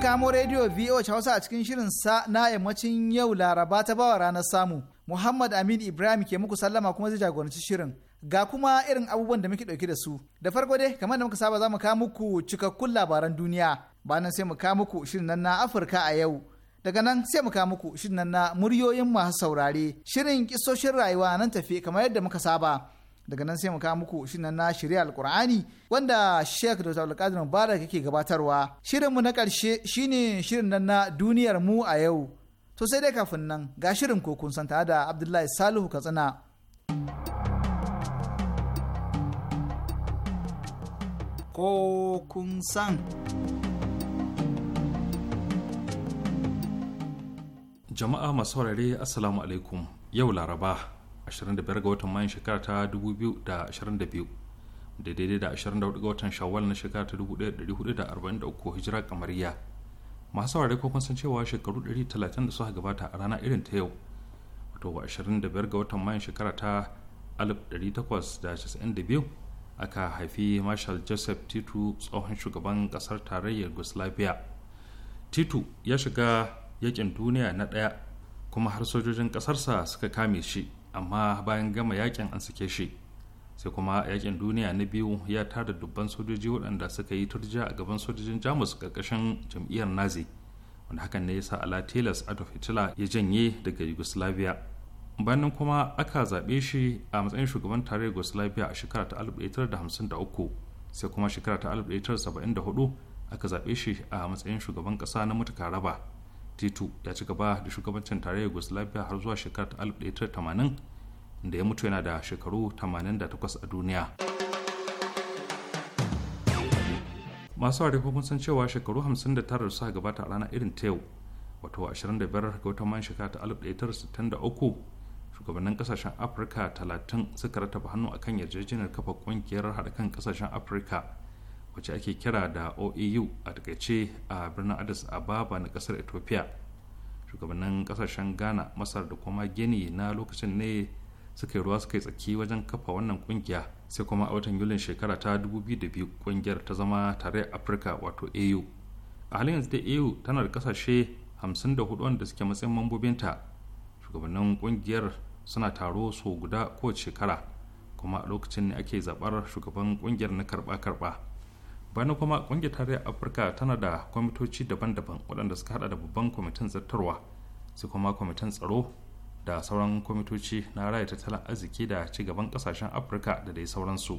kamo rediyo VOH Hausa a cikin shirin sa na yammacin yau Laraba ta bawa ranar samu. Muhammad Amin Ibrahim ke muku sallama kuma zai jagoranci shirin. Ga kuma irin abubuwan da muke ɗauke da su. Da farko dai kamar da muka saba za mu kawo muku cikakkun labaran duniya. Bayan sai mu kawo muku shirin nan na Afirka a yau. Daga nan sai mu kawo muku shirin nan na muryoyin masu saurare. Shirin kisoshin rayuwa nan tafi kamar yadda muka saba. daga nan sai mu kawo muku shirin na shirya alkur'ani wanda sheikh dr abdulkadir mubarak yake gabatarwa shirin mu na karshe shine shirin nan na duniyar mu a yau to sai dai kafin nan ga shirin ko kun tare da abdullahi salihu katsina ko kun san jama'a masu saurare asalamu alaikum yau laraba 25 ga watan mayun shekara ta 2022 da daidai da 24 ga watan shawwal na shekara ta 1443 hijira kamariya masu saurare ko kun san cewa shekaru 130 da suka gabata a rana irin ta yau wato 25 ga watan mayun shekara ta 1892 aka haifi marshal joseph titu tsohon shugaban kasar tarayyar yugoslavia titu ya shiga yakin duniya na daya kuma har sojojin kasarsa suka kame shi amma bayan gama yakin an sake shi sai kuma yakin duniya na biyu ya tada dubban sojoji waɗanda suka yi turja a gaban sojojin jamus ƙarƙashin jam'iyyar nazi wanda hakan ne ya sa ala tilas adolf hitler ya janye daga yugoslavia bayan kuma aka zaɓe shi a matsayin shugaban tare yugoslavia a shekara ta 1953 sai kuma shekara ta 1974 aka zaɓe shi a matsayin shugaban ƙasa na mutuka raba Tito ya ci gaba da shugabancin tarayyar yugoslavia har zuwa shekarar 1980 da ya mutu yana da shekaru 88 a duniya masu harifofin san cewa shekaru 59 suka gabata a rana irin ta yau wato 25 ga watan man shekara ta 1963 shugabannin kasashen afirka 30 suka rataba hannu akan yarjejeniyar kafa kungiyar haɗa kan kasashen afirka wacce ake kira da oeu a takaice a birnin addis ababa na kasar ethiopia shugabannin kasashen ghana masar da kuma gini na lokacin ne suka yi ruwa suka yi tsaki wajen kafa wannan kungiya sai kuma a watan yulin shekara ta 2002 kungiyar ta zama tare afirka wato au a halin yanzu da au tana da kasashe 54 wanda suke matsayin mambobinta shugabannin kungiyar suna taro so guda kowace shekara kuma a lokacin ne ake zabar shugaban kungiyar na karba-karba bayan kuma kungiyar tarayyar afirka tana da kwamitoci daban-daban waɗanda suka hada da babban kwamitin zartarwa sai kuma kwamitin tsaro da sauran kwamitoci na raya tattalin arziki da ci gaban kasashen afirka da dai sauransu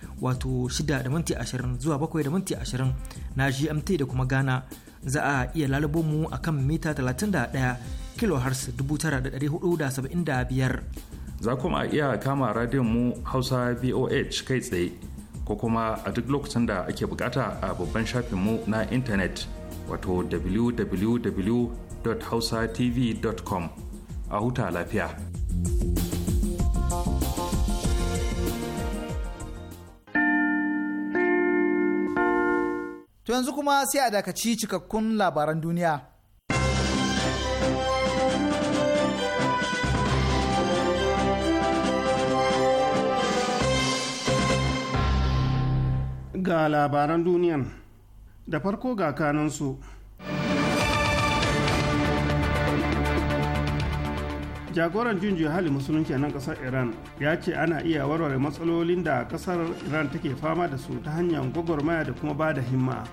wato 6 da minti 20 zuwa 7 da minti 20 na GMT da kuma Ghana za a iya lalubo mu a kan mita 31 kilohertz 9475. Za kuma iya kama radiyon mu Hausa VOH kai tsaye ko kuma a duk lokacin da ake bukata a babban shafinmu na intanet wato www.hausatv.com a huta lafiya. To yanzu kuma sai a dakaci cikakkun labaran duniya. Ga labaran duniyan da farko ga kanansu. jagoran junji hali musulunci a nan kasar iran ya ce ana iya warware matsalolin da kasar iran take fama da su ta hanyar gwagwarmaya da kuma ba da himma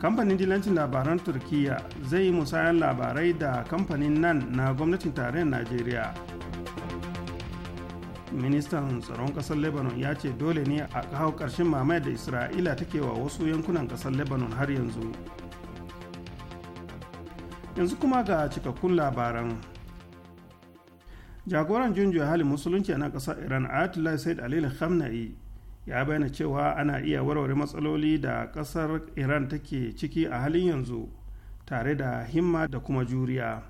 kamfanin dilancin labaran turkiya zai yi musayan labarai da kamfanin nan na gwamnatin tarayyar najeriya ministan tsaron kasar lebanon ya ce dole ne a kawo ƙarshen mamayar da isra'ila take wa wasu yankunan kasar lebanon har yanzu yanzu kuma ga cikakkun labaran jagoran junjiya halin musulunci a na ƙasar iran ayatollah said alil khamnai ya bayyana cewa ana iya warware matsaloli da ƙasar iran take ciki a halin yanzu tare da himma da kuma juriya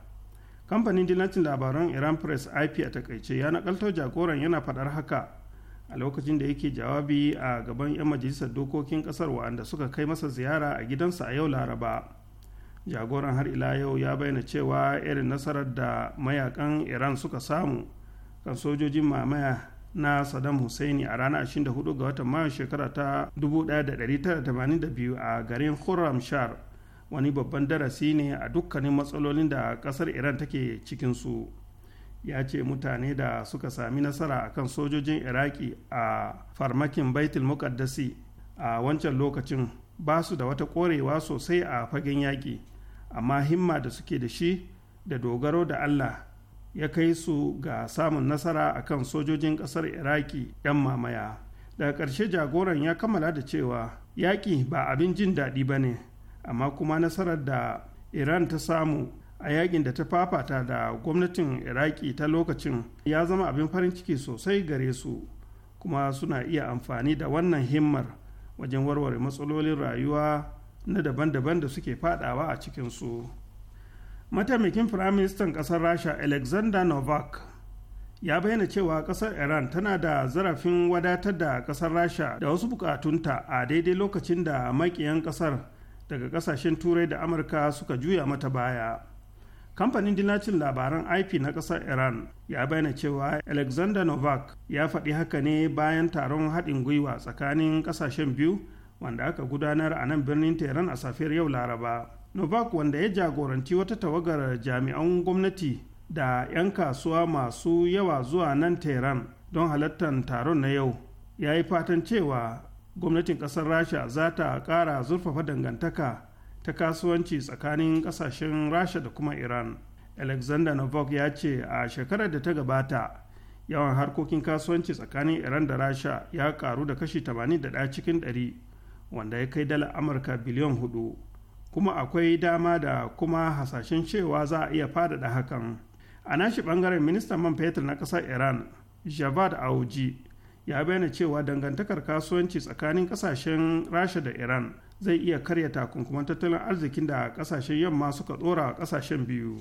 kamfanin dilancin labaran iran press ip a takaice ya nakalto jagoran yana faɗar haka a lokacin da yake jawabi a gaban 'yan majalisar dokokin ƙasar waɗanda suka kai masa ziyara a gidansa a yau laraba jagoran har ila yau ya bayyana cewa irin nasarar da mayakan iran suka samu kan sojojin mamaya na saddam husaini a ranar 24 ga watan mayu shekara ta 1982 a garin khurramshar wani babban darasi ne a dukkanin matsalolin da kasar iran take cikinsu ya ce mutane da suka sami nasara a kan sojojin iraki a farmakin baitul muqaddasi a wancan lokacin ba su da wata korewa sosai a fagen yaƙi amma himma da suke da shi da dogaro da allah ya kai su ga samun nasara a kan sojojin ƙasar iraki 'yan mamaya daga ƙarshe jagoran ya kammala da cewa yaƙi ba abin jin daɗi ba ne amma kuma nasarar da iran ta samu a yaƙin da ta fafata da gwamnatin iraki ta lokacin ya zama abin farin ciki sosai gare su kuma suna iya amfani da wannan himmar wajen warware matsalolin rayuwa na daban-daban da suke fadawa a cikinsu mataimakin firaministan ƙasar rasha alexander novak ya bayyana cewa ƙasar iran tana da zarafin wadatar da ƙasar rasha da wasu bukatunta a daidai lokacin da makiyan ƙasar daga ƙasashen turai da amurka suka juya mata baya kamfanin dinacin labaran ip na ƙasar iran ya bayyana cewa alexander novak ya faɗi haka ne bayan taron haɗin gwiwa tsakanin ƙasashen biyu wanda aka gudanar a nan birnin tehran a safiyar yau laraba novak wanda ya jagoranci wata tawagar jami'an gwamnati da 'yan kasuwa masu yawa zuwa nan tehran don halartar taron na yau ya yi fatan cewa gwamnatin kasar rasha za ta kara zurfafa dangantaka ta kasuwanci tsakanin kasashen rasha da kuma iran alexander novak ya ce a shekarar da ta gabata yawan harkokin kasuwanci tsakanin iran da rasha ya karu da kashi ɗaya cikin 100 wanda ya kai dala amurka biliyan hudu kuma akwai dama da kuma hasashen cewa za a iya faɗaɗa hakan a nashi ɓangaren ministan man fetur na ƙasar iran javad auji ya bayyana cewa dangantakar kasuwanci tsakanin ƙasashen rasha da iran zai iya karya takunkuman tattalin arzikin da ƙasashen yamma suka tsora a ƙasashen biyu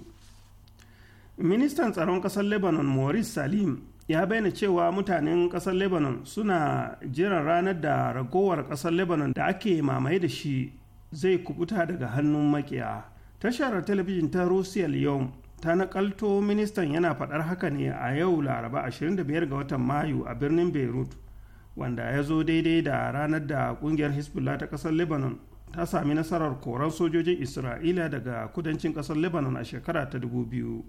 ministan tsaron ƙasar lebanon maurice salim ya bayyana cewa mutanen ƙasar lebanon suna jiran ranar da ragowar ƙasar lebanon da ake mamaye da shi zai kubuta daga hannun makiya tashar talabijin ta russia leon ta nakalto ministan yana faɗar haka ne a yau laraba 25 ga watan mayu a birnin beirut wanda ya zo daidai da ranar da kungiyar hezbollah ta ƙasar lebanon ta sami nasarar koran sojojin isra'ila daga kudancin ƙasar lebanon a shekara ta 2000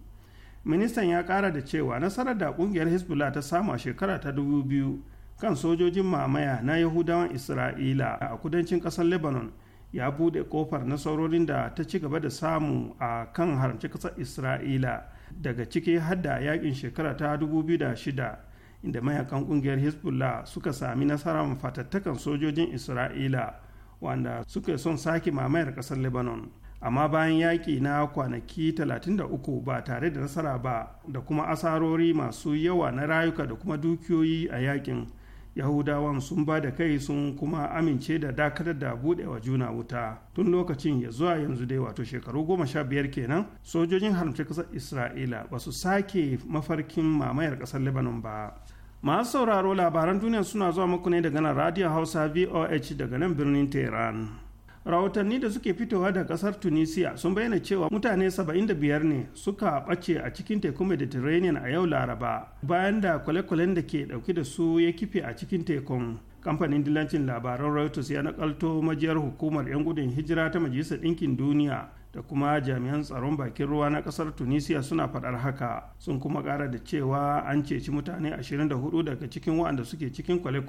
ministan ya kara da cewa nasarar da kungiyar hezbollah ta samu a shekara ta 2000 kan sojojin mamaya na yahudawan isra'ila a kudancin kasar lebanon ya bude kofar nasarorin da ta ci gaba da samu a kan haramci kasar isra'ila daga ciki hadda yakin shekara ta shida inda mayakan kungiyar hezbollah suka sami nasarar fatattakan sojojin isra'ila wanda suke son sake mamayar kasar lebanon amma bayan yaƙi na kwanaki 33 ba tare da nasara ba da kuma asarori masu yawa na rayuka da kuma dukiyoyi a yaƙin yahudawan sun ba da kai sun kuma amince da dakatar da buɗewa juna wuta tun lokacin ya zuwa yanzu dai wato shekaru goma sha biyar kenan sojojin haramci ƙasar isra'ila ba su sake mafarkin mamayar ƙasar lebanon ba masu sauraro labaran duniya suna zuwa muku ne daga nan radio hausa voh daga nan birnin tehran rahotanni da suke fitowa da kasar tunisia sun bayyana cewa mutane 75 ne suka ɓace a cikin tekun mediterranean a yau laraba bayan da kwale da ke ɗauke da su ya kife a cikin tekun kamfanin dilancin labaran reuters ya nakalto majiyar hukumar 'yan gudun hijira ta majalisar ɗinkin duniya da kuma jami'an tsaron bakin ruwa na kasar tunisia suna faɗar haka sun kuma ƙara da cewa an ceci mutane 24 daga cikin wa'anda suke cikin kwale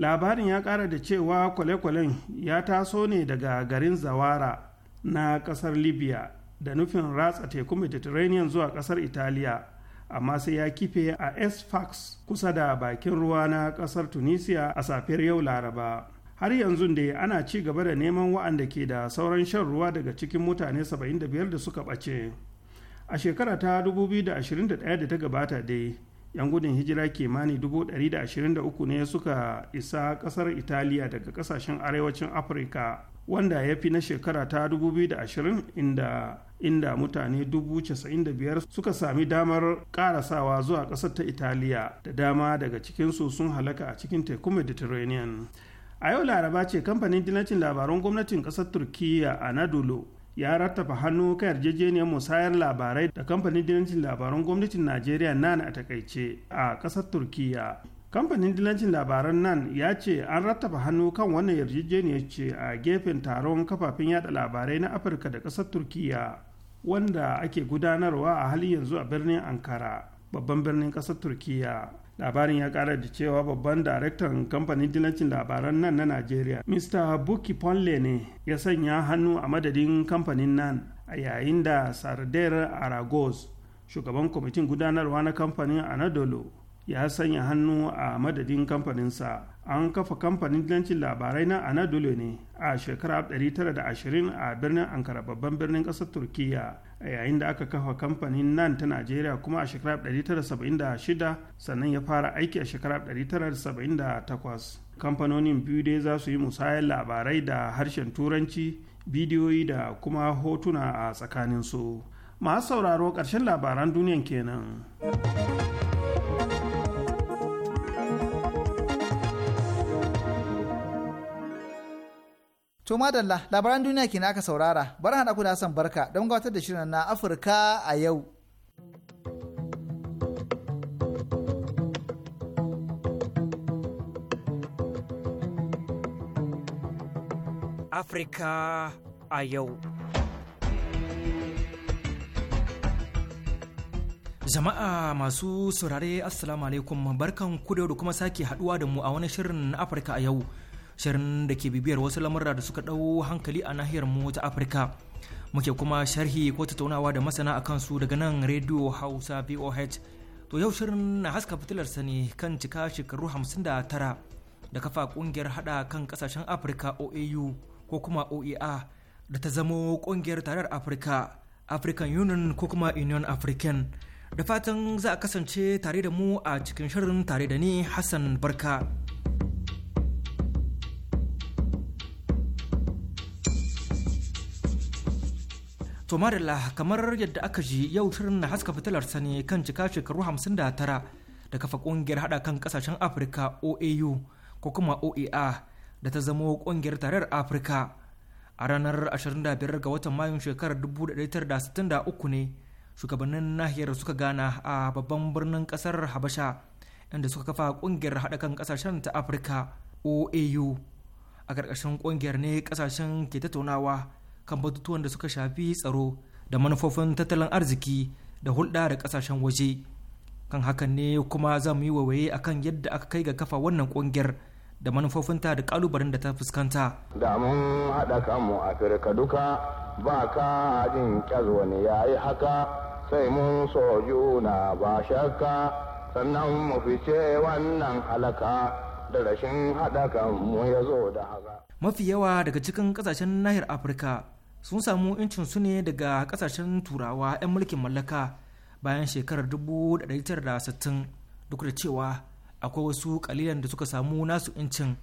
labarin ya kara da cewa kwale-kwalen ya taso ne daga garin zawara na kasar libya da nufin ratsa teku mediterranean zuwa kasar italiya amma sai ya kife a sfax kusa da bakin ruwa na kasar tunisia a safiyar yau laraba har yanzu da ana ci gaba da neman wa'anda ke da sauran shan ruwa daga cikin mutane 75 da suka bace a shekara ta 2021 da ta gabata dai 'yan gudun hijira kimani 123 ne suka isa kasar italiya daga kasashen arewacin afirka wanda ya fi na shekara ta 2020 inda inda mutane 95,000 suka sami damar karasawa zuwa ƙasar ta italiya da dama daga cikin sun halaka a cikin tekun mediterranean a yau laraba ce kamfanin dinacin labaran gwamnatin ƙasar turkiyya anadolu ya rattafa hannu kan yarjejeniyar musayar labarai da kamfanin dilancin labaran gwamnatin najeriya nan a takaice a ƙasar turkiya kamfanin dilancin labaran nan ya ce an rattafa hannu kan wannan yarjejeniyar ce a gefen taron kafafen yada labarai na afirka da ƙasar turkiya wanda ake gudanarwa a halin yanzu a birnin ankara babban birnin ƙasar turkiya labarin ya kara da cewa babban daraktan kamfanin dinacin labaran nan na najeriya mr buki ponle ne ya sanya hannu a madadin kamfanin nan a yayin da Sardar aragos shugaban kwamitin gudanarwa na kamfanin anadolu ya sanya hannu a madadin kamfaninsa an kafa kamfanin dancin labarai na anadolu ne a shekara 1920 a birnin ankara babban birnin ƙasar turkiya a yayin da aka kafa kamfanin nan ta najeriya kuma a shekara 1976 sannan ya fara aiki a shekara 1978 kamfanonin biyu dai za su yi musayar labarai da harshen turanci bidiyoyi da kuma hotuna a tsakaninsu masu sauraro ƙarshen labaran duniyan kenan. To madalla labaran duniya ke aka saurara bari haɗa ku da san Barka don gabatar da shirin na Afirka a yau. Afirka a yau. Jama'a masu saurare Assalamu alaikum barkan ku da kuma sake haɗuwa da mu a wani shirin na Afirka a yau. shirin da ke bibiyar wasu lamurra da suka ɗau hankali a nahiyar mu ta afirka muke kuma sharhi ko tattaunawa da masana a kansu daga nan radio hausa voh to yau shirin na haska fitilarsa ne kan cika shekaru hamsin da tara da kafa kungiyar hada kan kasashen afirka oau ko kuma oea da ta zamo kungiyar tarar afirka african union ko kuma union african da fatan za a kasance tare da mu a cikin shirin tare da ni hassan barka To Marilla kamar yadda aka ji yau shirin na haska fitilar sani kan cika shekaru 59 da kafa kungiyar hada kan kasashen Afirka OAU ko kuma OEA da ta zamo kungiyar tarayyar Afirka. A ranar 25 ga watan Mayun shekarar 1963 ne shugabannin nahiyar suka gana a babban birnin kasar Habasha inda suka kafa kungiyar hada kan kasashen ta Afirka OAU. A ƙarƙashin kungiyar ne kasashen ke tattaunawa kan batutuwan da suka shafi tsaro da manufofin tattalin arziki da hulɗa da ƙasashen waje kan hakan ne kuma za mu yi wawaye akan yadda aka kai ga kafa wannan ƙungiyar da manufofinta da ƙalubalen da ta fuskanta da mun haɗa kanmu afirka duka ba ka jin wani ya yi haka sai mun so juna ba shakka sannan mu fice wannan halaka da rashin haɗa kanmu ya zo da haka mafi yawa daga cikin ƙasashen nahiyar afirka sun samu su ne daga kasashen turawa 'yan mulkin mallaka bayan shekarar 1960 duk da cewa akwai wasu kalilan da suka samu nasu incin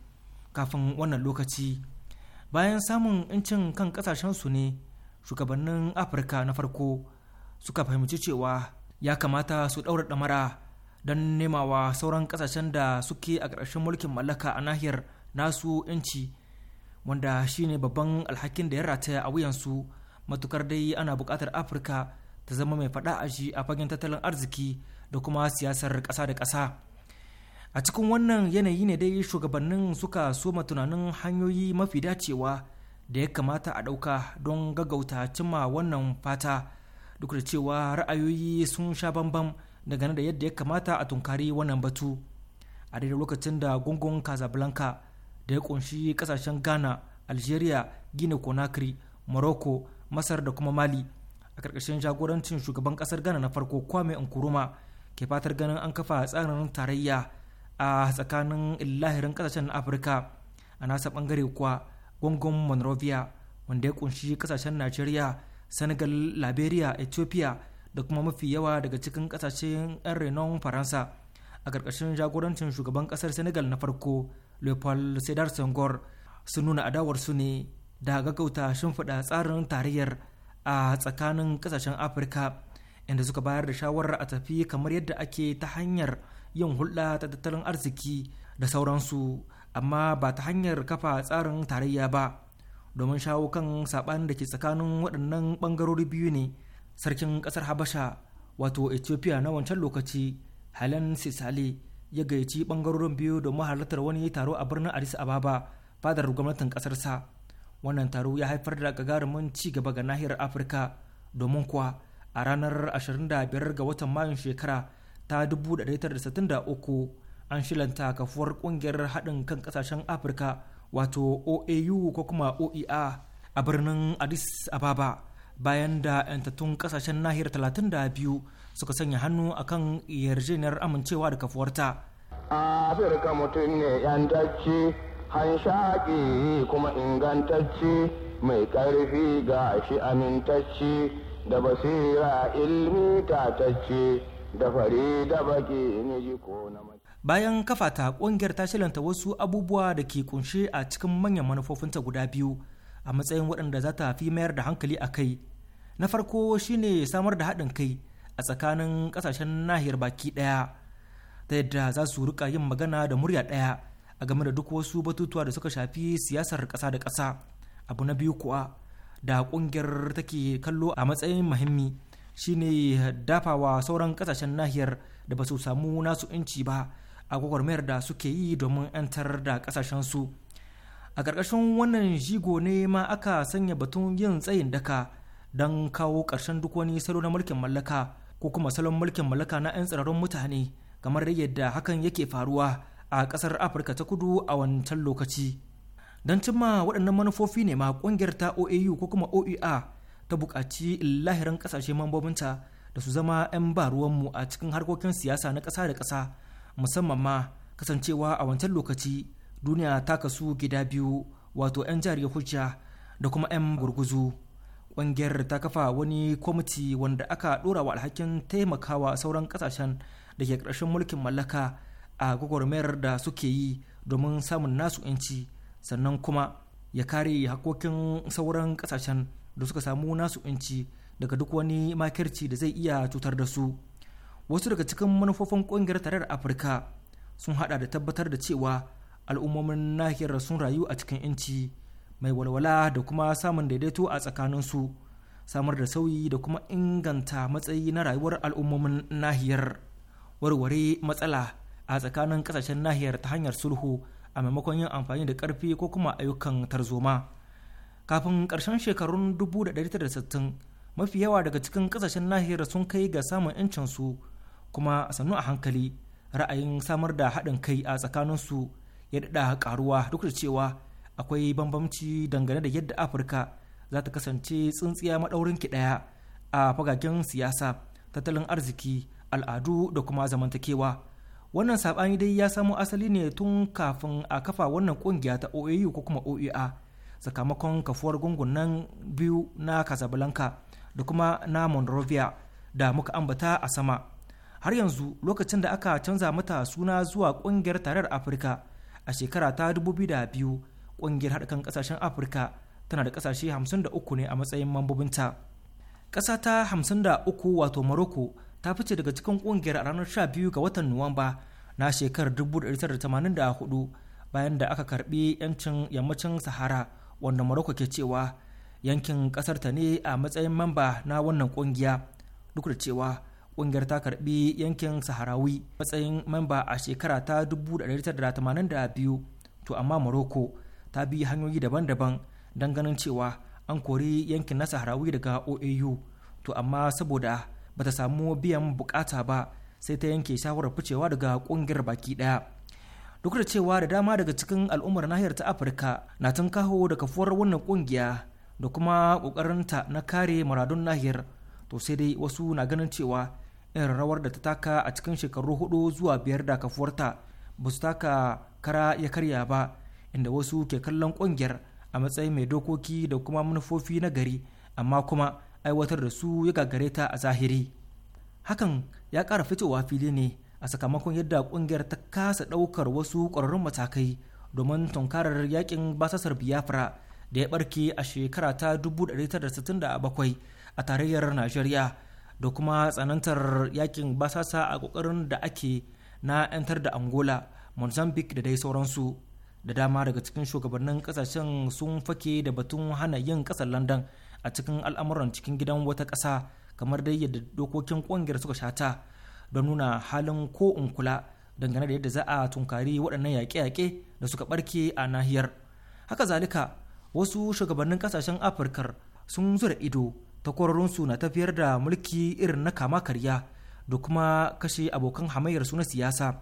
kafin wannan lokaci bayan samun incin kan kasashen su ne shugabannin afirka na farko suka fahimci cewa ya kamata su ɗaura ɗamara don nemawa sauran kasashen da suke a ƙarshen mulkin mallaka a nahiyar nasu inci wanda shine babban alhakin da ya rataya a wuyansu matukar dai ana bukatar afirka ta zama mai faɗa a shi a fagen tattalin arziki da kuma siyasar ƙasa da ƙasa a cikin wannan yanayi ne dai shugabannin suka soma tunanin hanyoyi mafi dacewa da ya kamata a ɗauka don gaggauta cimma wannan fata duk da cewa ra'ayoyi sun sha bambam dangane da yadda ya kamata a tunkari wannan batu a daidai lokacin da gungun casablanca da ya kunshi kasashen ghana algeria guinea conakry morocco masar da kuma mali a ƙarƙashin jagorancin shugaban ƙasar ghana na farko kwame nkuruma ke fatar ganin an kafa tsarin tarayya a tsakanin lahirin na afirka a nasa bangare kuwa gungun monrovia wanda ya kunshi kasashen nigeria senegal liberia ethiopia da kuma mafi yawa daga cikin ƙasashen 'yan renon faransa a ƙarƙashin jagorancin shugaban ƙasar senegal na farko leopold sedar senghor sun nuna adawar su ne da gaggauta shimfiɗa tsarin tarayyar a tsakanin ƙasashen afirka inda suka bayar da shawarar a tafi kamar yadda ake ta hanyar yin hulɗa ta tattalin arziki da sauransu amma ba ta hanyar kafa tsarin tarayya ba domin shawo kan saɓanin da ke tsakanin waɗannan ɓangarori biyu ne sarkin ƙasar habasha wato ethiopia na wancan lokaci halen sisale ya gayyaci bangarorin biyu domin halartar wani taro a birnin addis ababa fadar gwamnatin kasar sa wannan taro ya haifar da gagarumin ci gaba ga nahiyar afirka domin kuwa a ranar 25 ga watan mayun shekara ta 1963 an shilanta kafuwar kungiyar haɗin kan ƙasashen afirka wato oau ko kuma oea a birnin addis ababa bayan da 'yantattun kasashen nahiyar 32 suka sanya hannu akan yarjejeniyar amincewa da kafuwarta afirka mutum ne 'yantacce hanshaƙi kuma ingantacci mai ƙarfi ga shi amintacci da basira ilmi tatacce da fari da baki ne ji ko na bayan kafata ƙungiyar ta shilanta wasu abubuwa da ke kunshe a cikin manyan manufofinta guda biyu a matsayin waɗanda za ta fi mayar da hankali a kai na farko shine samar da haɗin kai a tsakanin ƙasashen nahiyar baki ɗaya ta yadda za su rika yin magana da murya ɗaya a game da duk wasu batutuwa da suka shafi siyasar ƙasa da ƙasa abu na biyu kuwa da ƙungiyar take kallo a matsayin muhimmi shine dafawa sauran ƙasashen nahiyar da ba su samu nasu inci ba a gwagwarmayar da suke yi domin 'yantar da ƙasashensu su a ƙarƙashin wannan jigo ne ma aka sanya batun yin tsayin daka don kawo ƙarshen duk wani salo na mulkin mallaka ko kuma salon mulkin mallaka na 'yan tsirarun mutane kamar yadda hakan yake faruwa a ƙasar afirka ta kudu a wancan lokaci don cimma waɗannan manufofi ne ma ƙungiyar ta oau ko kuma oea ta buƙaci lahirin ƙasashe mambobinta da su zama 'yan ba ruwanmu a cikin harkokin siyasa na ƙasa da ƙasa musamman ma kasancewa a wancan lokaci duniya ta kasu gida biyu wato 'yan jihar hujja da kuma 'yan gurguzu ƙungiyar ta kafa wani kwamiti wanda aka ɗora wa alhakin taimakawa sauran ƙasashen da ke ƙarshen mulkin mallaka a gwagwarmayar da suke yi domin samun nasu 'yanci sannan kuma ya kare hakokin sauran ƙasashen da suka samu nasu 'yanci daga duk wani makirci da zai iya cutar da su wasu daga cikin manufofin ƙungiyar tarayyar afirka sun hada da tabbatar da cewa al'ummomin nahiyar sun rayu a cikin inci mai walwala da kuma samun daidaito a tsakaninsu samar da sauyi da kuma inganta matsayi na rayuwar al'ummomin nahiyar warware matsala a tsakanin kasashen nahiyar ta hanyar sulhu a maimakon yin amfani da karfi ko kuma ayyukan tarzoma kafin karshen shekarun 1960 mafi yawa daga cikin kasashen nahiyar sun kai ga samun incinsu kuma sannu a hankali ra'ayin samar da haɗin kai a tsakaninsu ya daɗa karuwa duk da cewa akwai bambamci dangane da yadda afirka za ta kasance tsintsiya maɗaurin ki ɗaya a fagagen siyasa tattalin arziki al'adu da kuma zamantakewa wannan saɓani dai ya samo asali ne tun kafin a kafa wannan ƙungiya ta oau ko kuma oea sakamakon kafuwar gungun nan biyu na casablanca da kuma na monrovia da muka ambata a sama har yanzu lokacin da aka canza mata suna zuwa ƙungiyar tarayyar afirka a shekara ta 2002 ƙungiyar haɗakan ƙasashen afirka tana da ƙasashe 53 ne a matsayin mambobinta ƙasa ta 53 wato morocco ta fice daga cikin ƙungiyar a ranar 12 ga watan nuwamba na shekarar 1984 bayan da aka karbi yancin yammacin sahara wanda morocco ke cewa yankin ƙasarta ne a matsayin mamba na wannan ƙungiya duk da cewa kungiyar ta karbi yankin saharawi matsayin memba a shekara ta 1982 to amma morocco ta bi hanyoyi daban-daban don ganin cewa an kori yankin na saharawi daga oau to amma saboda bata samu biyan bukata ba sai ta yanke shawarar ficewa daga kungiyar baki daya duk da cewa da dama daga cikin al'ummar nahiyar ta afirka na tun kaho da kafuwar wannan kungiya da kuma kokarinta na kare muradun nahiyar to sai dai wasu na ganin cewa irin rawar da ta taka a cikin shekaru hudu zuwa biyar da kafuwarta ba su taka kara ya karya ba inda wasu ke kallon kungiyar a matsayin mai dokoki da kuma manufofi na gari amma kuma aiwatar da su ya gagare ta a zahiri hakan ya kara fitowa fili ne a sakamakon yadda kungiyar ta kasa ɗaukar wasu ƙwararrun matakai domin tunkarar yakin basasar biafra da ya barke a shekara ta 1967 a tarayyar najeriya da kuma tsanantar yakin basasa a kokarin da ake na 'yantar da angola mozambique da dai sauransu da dama daga cikin shugabannin kasashen sun fake da batun hana yin kasar london a cikin al'amuran cikin gidan wata ƙasa kamar dai yadda dokokin ƙungiyar suka shata don nuna halin ko in kula dangane da yadda za a tunkari waɗannan yaƙe-yaƙe da suka ɓarke a nahiyar haka zalika wasu shugabannin ƙasashen afirkar sun zura ido takwarorinsu na tafiyar da mulki irin na kama karya da kuma kashe abokan hamayyar su na siyasa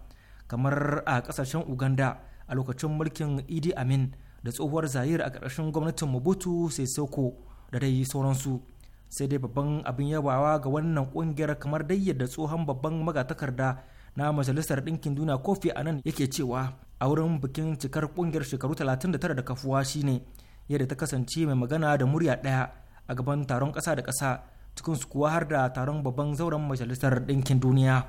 kamar a kasashen uganda a lokacin mulkin idi amin da tsohuwar zayir a ƙarƙashin gwamnatin mobutu sesoko da dai sauransu sai dai babban abin yawawa ga wannan ƙungiyar kamar dai yadda tsohon babban magatakarda na majalisar ɗinkin duniya kofi a nan yake cewa a wurin bikin cikar ƙungiyar shekaru 39 da kafuwa shine yadda ta kasance mai magana da murya ɗaya a gaban taron ƙasa da ƙasa cikin su kuwa har da taron babban zauren majalisar ɗinkin duniya.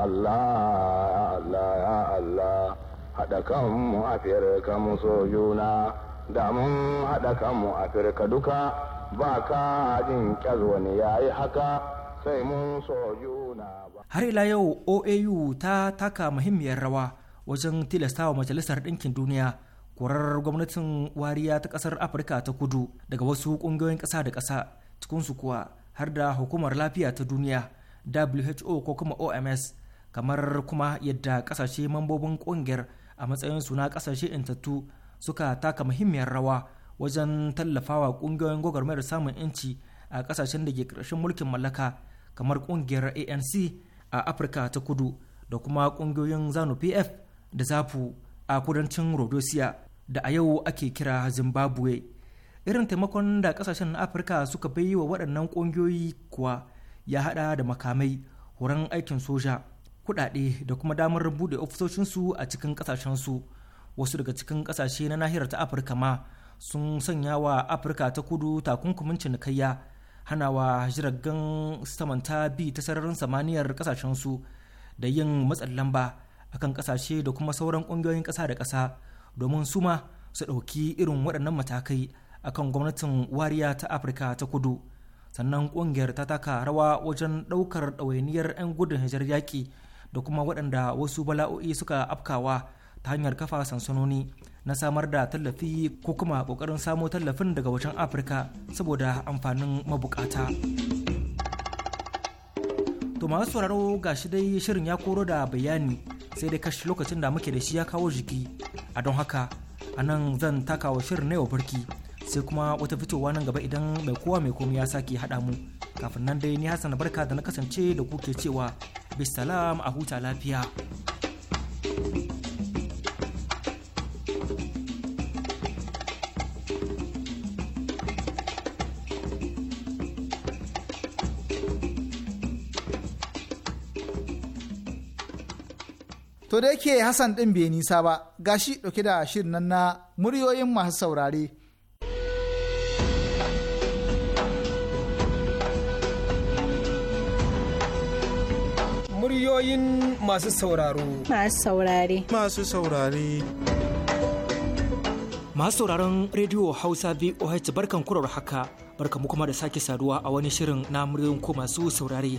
Allah Allah ya Allah haɗa kanmu Afirka mu juna da mun haɗa kanmu Afirka duka ba ka jin wani ya yi haka sai mun so juna ba. Har ila yau OAU ta taka muhimmiyar rawa wajen tilastawa majalisar ɗinkin duniya korar gwamnatin wariya ta kasar afirka ta kudu daga wasu kungiyoyin kasa da kasa cikinsu kuwa har da hukumar lafiya ta duniya who ko kuma oms kamar kuma yadda kasashe mambobin kungiyar a matsayin su na kasashe intattu suka taka muhimmiyar rawa wajen tallafawa kungiyoyin gwagwarmayar samun inci a kasashen da ke ƙarshen mulkin mallaka kamar kungiyar anc a afirka ta kudu da kuma kungiyoyin zanu pf da zafu a kudancin rhodesia. da a yau ake kira zimbabwe irin taimakon da kasashen na afirka suka bai wa waɗannan ƙungiyoyi kuwa ya haɗa da makamai horon aikin soja kuɗaɗe da kuma damar buɗe ofisoshinsu a cikin ƙasashensu wasu daga cikin ƙasashe na nahiyar ta afirka ma sun sanya wa afirka ta kudu takunkumin cinikayya hanawa jiragen samanta bi ta sararin samaniyar ƙasashensu da yin matsin lamba akan ƙasashe da kuma sauran ƙungiyoyin ƙasa da ƙasa domin suma su ɗauki irin waɗannan matakai akan gwamnatin wariya ta afirka ta kudu sannan ƙungiyar ta taka rawa wajen ɗaukar ɗawainiyar 'yan gudun hijar yaƙi da kuma waɗanda wasu bala'o'i suka afkawa ta hanyar kafa sansanoni na samar da tallafi ko kuma ƙoƙarin samo tallafin daga wajen afirka saboda amfanin mabukata to masu sauraro gashi dai shirin ya koro da bayani sai dai kashi lokacin da muke da shi ya kawo jiki a don haka a nan zan taka wa shirin na yau barki sai kuma wata fitowa nan gaba idan mai kowa mai komai ya sake haɗa mu kafin nan dai ni hassan barka da na kasance da kuke cewa bisalam a huta lafiya To da yake Hassan ɗin bai nisa ba, gashi ɗauke da shirin nan na muryoyin masu saurare. Muryoyin masu sauraro. Masu saurare. Masu saurare. Masu sauraron rediyo Hausa VOH barkan kurar haka, barkan mu kuma da sake saduwa a wani shirin na muryoyin ko masu saurare.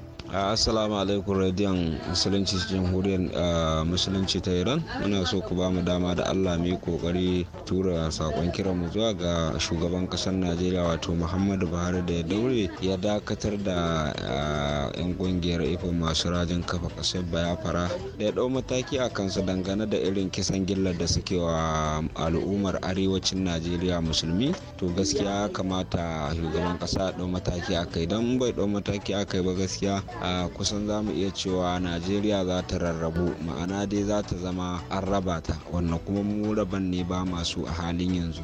Ah, assalamu alaikum radiyon musulunci jamhuriyar ah, musulunci ta iran muna so ku ba mu dama da allah mai kokari tura sakon kiran mu zuwa ga shugaban kasar najeriya wato muhammadu buhari da ya daure ya dakatar da yan ah, kungiyar ifo masu rajin kafa kasar bayafara da ya dau mataki a kansa dangane da irin kisan gillar da suke wa al'ummar arewacin najeriya musulmi to gaskiya kamata shugaban kasa dau mataki a kai don bai dau mataki a kai ba gaskiya a kusan za mu iya cewa najeriya za ta rarrabu ma'ana dai za ta zama an raba ta wannan kuma mu raban ne ba masu a halin yanzu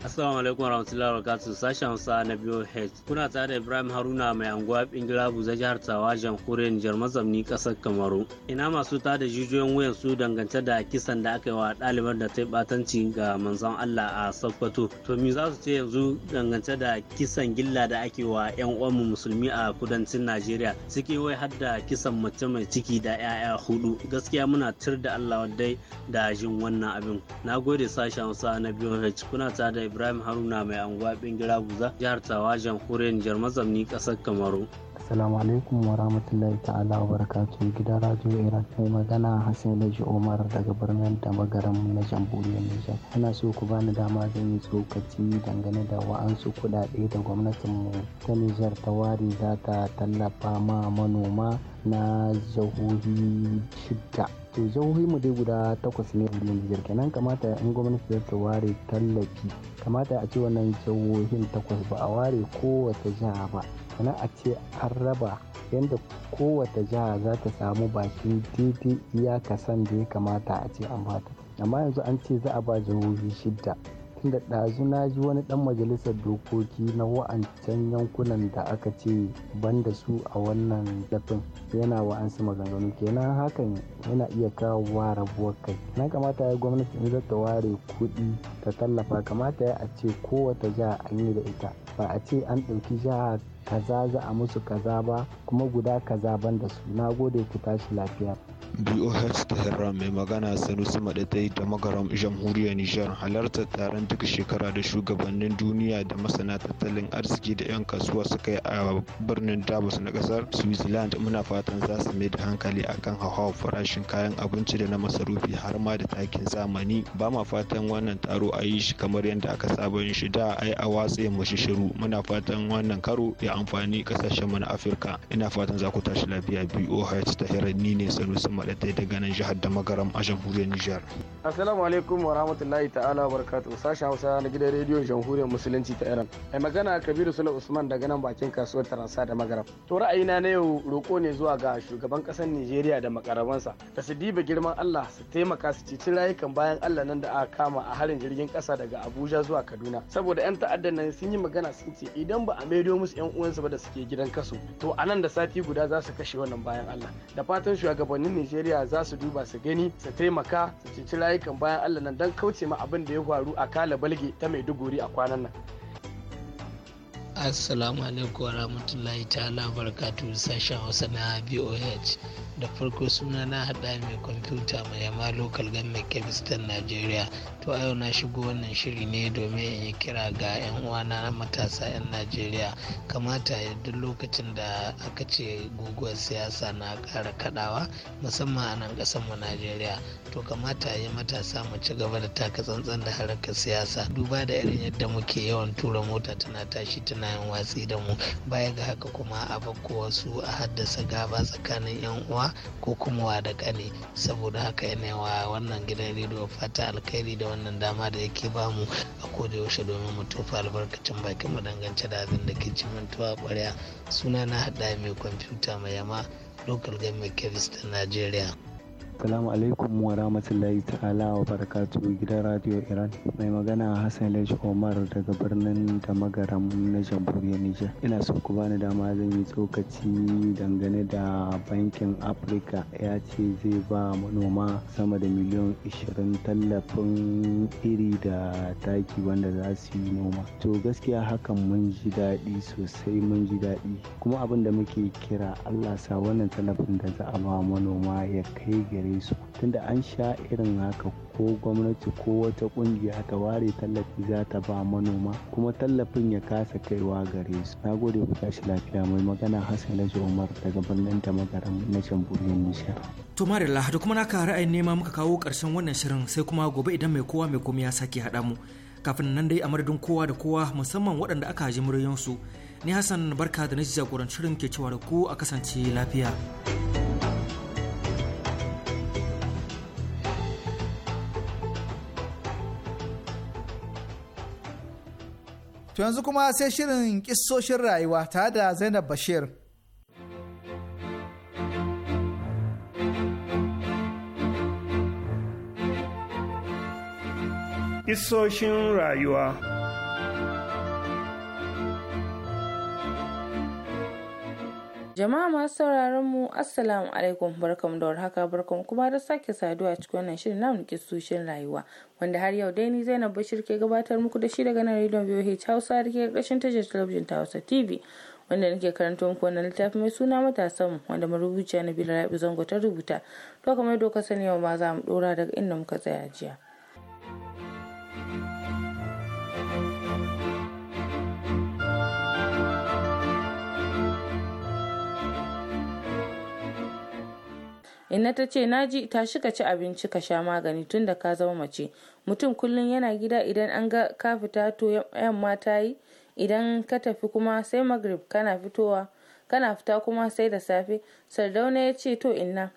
Assalamu alaikum warahmatullahi wabarakatuh sashen sa na biyo Head. Kuna tare Ibrahim Haruna mai anguwa Ingila za jihar Tawa jamhuriyar Nijar mazamni kasar Kamaru. Ina masu ta da jijiyoyin wuyan su dangance da kisan da aka yi wa ɗalibar da ta batanci ga manzon Allah a Sokoto. To me za su ce yanzu dangance da kisan gilla da ake wa 'yan uwanmu musulmi a kudancin Najeriya suke wai har da kisan mace mai ciki da 'ya'ya hudu. Gaskiya muna tir da Allah wadai da jin wannan abin. Na gode sashen sa na biyo Head. Kuna tare ibrahim haruna mai anguwa bingira buza jihar tawa jamhuriyar Jamus mazamni ƙasar kamaru Assalamu alaikum wa rahmatullahi ta'ala wa barakatuhu gidan Radio Iran mai magana Hassan Laji Omar daga birnin mu na Jamhuriyar Nijar. ana so ku bani dama zan yi tsokaci dangane da wa'ansu kuɗaɗe da gwamnatin mu ta Nijar ta ware za ta tallafa ma manoma na jihohi shidda to jihohi mu dai guda takwas ne miliyan Nijar kenan kamata in gwamnati ta ware tallafi kamata a ce wannan jihohin takwas ba a ware kowace jiha ba sannan a ce an raba yadda kowace jiha za ta samu bakin daidai ya kasan da ya kamata a ce an bata amma yanzu an ce za a ba jihohi shidda tunda ɗazu na ji wani ɗan majalisar dokoki na wa'ancan yankunan da aka ce ban da su a wannan zafin yana wa'ansu maganganu kenan hakan yana iya kawo wara rabuwar kai na kamata ya gwamnati in ta ware kuɗi ta tallafa kamata ya a ce kowata jiha an yi da ita ba a ce an ɗauki jiha kaza za a musu kaza ba kuma guda kaza ban da su na gode ku tashi lafiya BOH Tehran mai magana Sanusi Madatai da magaram jamhuriyar Nijar halartar taron duk shekara da shugabannin duniya da masana tattalin arziki da 'yan kasuwa suka yi a birnin Davos na kasar Switzerland muna fatan za su mai da hankali akan hauhawar farashin kayan abinci da na masarufi har ma da takin zamani ba ma fatan wannan taro a yi shi kamar yadda aka saba yin shi da ai a watse mu shiru muna fatan wannan karo ya amfani kasashen mu na Afirka ina fatan za ku tashi lafiya BOH Tehran ni ne Sanusi yi ta ganin jihar da magaram a jamhuriyar Nijar. Assalamu alaikum wa rahmatullahi ta'ala wa barakatuhu sashen Hausa na gidan rediyon jamhuriyar musulunci ta Iran. Mai magana Kabiru Sule Usman daga nan bakin kasuwar Taransa da Magaram. To ra'ayina na yau roko ne zuwa ga shugaban ƙasar Nijeriya da makarabansa da su diba girman Allah su taimaka su cici rayukan bayan Allah nan da aka kama a harin jirgin kasa daga Abuja zuwa Kaduna. Saboda 'yan ta'addan nan sun yi magana sun ce idan ba a maido musu 'yan uwansu ba da suke gidan kasu to a nan da sati guda za su kashe wannan bayan Allah. Da fatan shugabannin Najeriya za su duba su gani su taimaka su cinci rayukan bayan Allah nan don kauce ma abin da ya faru a kala balge ta Maiduguri a kwanan nan. Assalamu alaikum warahmatullahi ta'ala barkatu sashen Hausa na BOH. da farko suna na hada mai kwamfuta mai yama local government kebistan najeriya to a yau na shigo wannan shiri ne domin in yi kira ga 'yan uwana na matasa 'yan najeriya kamata ya duk lokacin da aka ce guguwar siyasa na ƙara kaɗawa musamman a nan ƙasar mu najeriya to kamata ya matasa mu ci gaba da taka tsantsan da harkar siyasa duba da irin yadda muke yawan tura mota tana tashi tana yin watsi da mu baya ga haka kuma a bakko wasu a haddasa gaba tsakanin yan uwa ko kuma wa da kane saboda haka yana wa wannan gidan rediyo fata alkhairi da wannan dama da yake mu. a koda yaushe domin mu tofa albarkacin bakin mu dangance da abin da ke cimantuwa kwarya suna na haɗa mai kwamfuta mai yama local game kebis ta najeriya Assalamu alaikum wa rahmatullahi ta'ala wa barakatuhu gidan Radio Iran. Mai magana Hassan Lesh Omar daga birnin da magaram na jamhuriyar Nijar. Ina so ku bani dama zan yi tsokaci dangane da bankin Afirka ya ce zai ba manoma sama da miliyan 20 tallafin iri da taki wanda za su yi noma. To gaskiya hakan mun ji daɗi sosai mun ji daɗi. Kuma abin da muke kira Allah sa wannan tallafin da za a ba manoma ya kai gari gare su tunda an sha irin haka ko gwamnati ko wata kungiya ta ware tallafi za ta ba manoma kuma tallafin ya kasa kaiwa gare su na gode ku tashi lafiya mai magana hassan laji umar daga birnin tamagaram na jamhuriyar nishar to marilla da kuma naka ra'ayin nema muka kawo karshen wannan shirin sai kuma gobe idan mai kowa mai komai ya sake haɗa mu kafin nan dai a madadin kowa da kowa musamman waɗanda aka ji muryansu ni hassan barka da na jagorancin shirin ke cewa da ku a kasance lafiya. To yanzu kuma sai shirin kissoshin rayuwa ta da Zainab Bashir. Kissoshin rayuwa Jama'a masu sauraron mu Assalamu alaikum barkamu da warhaka barkamu kuma da sake saduwa cikin wannan shirin namun muke sushin rayuwa wanda har yau dai ni Zainab Bashir ke gabatar muku da shi daga nan Radio VOH Hausa da ke karkashin tashar talabijin ta Hausa TV wanda nake karanto muku wannan littafi mai suna matasan wanda marubuciya Nabila Rabi Zango ta rubuta to kamar doka sani yau ma za mu dora daga inda muka tsaya jiya. inna ta ce naji tashi ka ci abinci ka sha magani tunda ka zama mace mutum kullum yana gida idan an ga ka fita to yamma ta yi idan ka tafi kuma sai magrib kana fitowa kana fita kuma sai da safe sardauna ya ce to inna